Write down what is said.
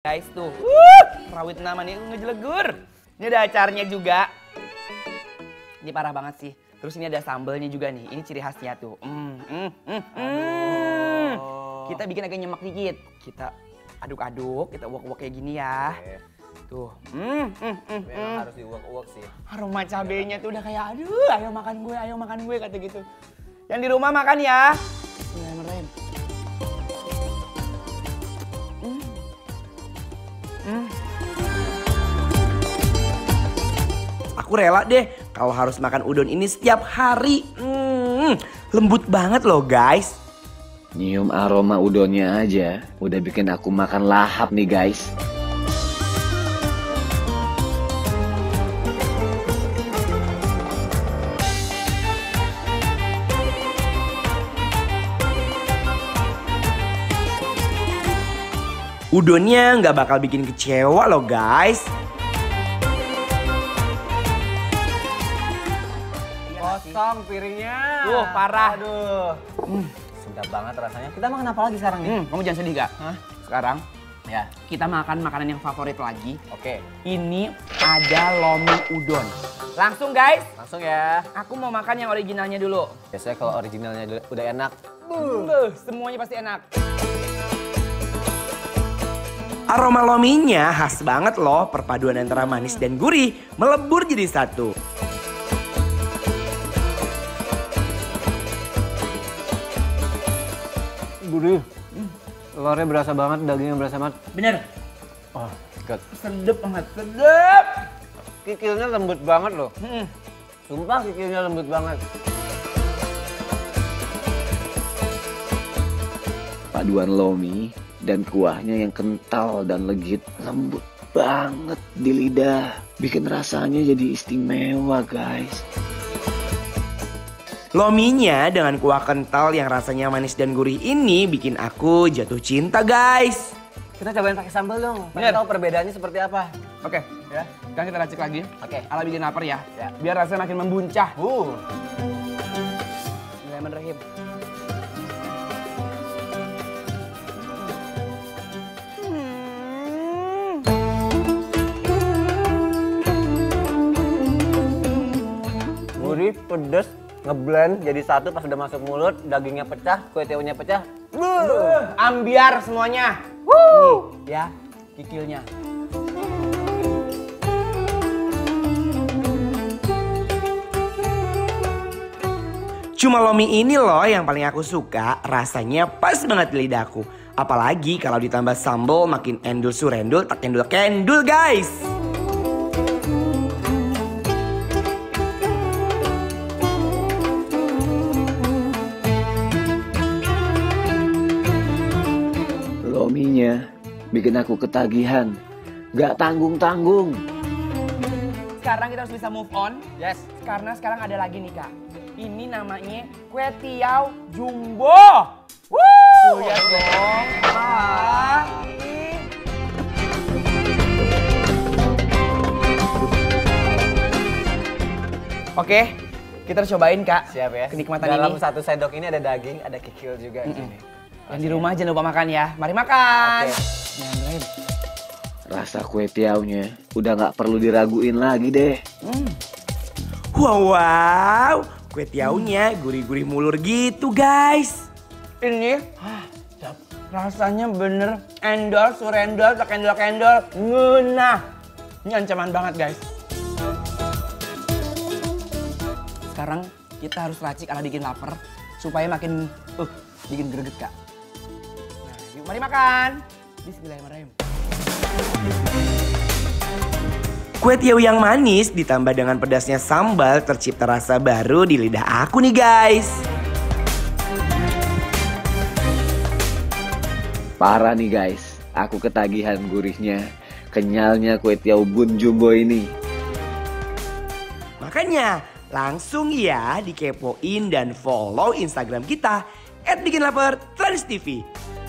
Guys tuh, uh, rawit nama nih ngejelegur. Ini ada acarnya juga. Ini parah banget sih. Terus ini ada sambelnya juga nih. Ini ciri khasnya tuh. Mm, mm, mm, mm. Kita bikin agak nyemak dikit. Kita aduk-aduk, kita uak-uak kayak gini ya. Tuh. Mm, mm, mm, Memang mm. harus diuak-uak sih. Aroma iya cabenya kan? tuh udah kayak aduh, ayo makan gue, ayo makan gue kata gitu. Yang di rumah makan ya. Aku rela deh kalau harus makan udon ini setiap hari. Hmm, lembut banget loh guys. Nyium aroma udonnya aja, udah bikin aku makan lahap nih guys. Udonnya nggak bakal bikin kecewa loh guys. kosong piringnya. Duh, parah. Aduh. Hmm, sedap banget rasanya. Kita makan apa lagi sekarang nih? Hmm, kamu jangan sedih gak? Hah? Sekarang ya kita makan makanan yang favorit lagi. Oke. Ini ada lomi udon. Langsung guys. Langsung ya. Aku mau makan yang originalnya dulu. Biasanya kalau originalnya udah enak. Buh, semuanya pasti enak. Aroma lominya khas banget loh, perpaduan antara manis dan gurih melebur jadi satu. gurih. Hmm. Luarnya berasa banget, dagingnya berasa banget. Bener. Oh, sedap. Sedap banget, sedap. Kikilnya lembut banget loh. Hmm. Sumpah kikilnya lembut banget. Paduan lomi dan kuahnya yang kental dan legit, lembut banget di lidah. Bikin rasanya jadi istimewa, guys. Lominya dengan kuah kental yang rasanya manis dan gurih ini bikin aku jatuh cinta guys. Kita cobain pakai sambal dong. Kita tahu perbedaannya seperti apa. Oke, okay. ya. Sekarang kita racik lagi. Oke. Okay. Ala bikin lapar ya. ya. Biar rasanya makin membuncah. Uh. Hmm. gurih, pedas, ngeblend jadi satu pas udah masuk mulut dagingnya pecah kue teunya pecah Buh. ambiar semuanya wuh Nih, ya kikilnya Cuma lomi ini loh yang paling aku suka, rasanya pas banget di lidahku. Apalagi kalau ditambah sambal makin endul surendul tak endul kendul guys. bikin aku ketagihan. Gak tanggung-tanggung. Sekarang kita harus bisa move on. Yes. Karena sekarang ada lagi nih kak. Ini namanya kue tiaw jumbo. Woo! Iya Lihat dong. Ah. Oke, kita harus cobain kak. Siap ya. Kenikmatan Dalam ini. Dalam satu sendok ini ada daging, ada kecil juga. Mm -mm. Yang di rumah jangan lupa makan ya. Mari makan. Okay rasa kue tiaunya udah nggak perlu diraguin lagi deh. Hmm. Wow, wow, kue tiaunya gurih-gurih mulur gitu guys. Ini rasanya bener endol, surendol, kendol kendol, ngunah. Ini ancaman banget guys. Sekarang kita harus racik ala bikin lapar supaya makin uh, bikin greget kak. Nah, yuk mari makan. Bismillahirrahmanirrahim. Kue tiaw yang manis ditambah dengan pedasnya sambal tercipta rasa baru di lidah aku nih guys. Parah nih guys, aku ketagihan gurihnya, kenyalnya kue tiaw bun jumbo ini. Makanya langsung ya dikepoin dan follow Instagram kita @bikinlaper transtv. TV.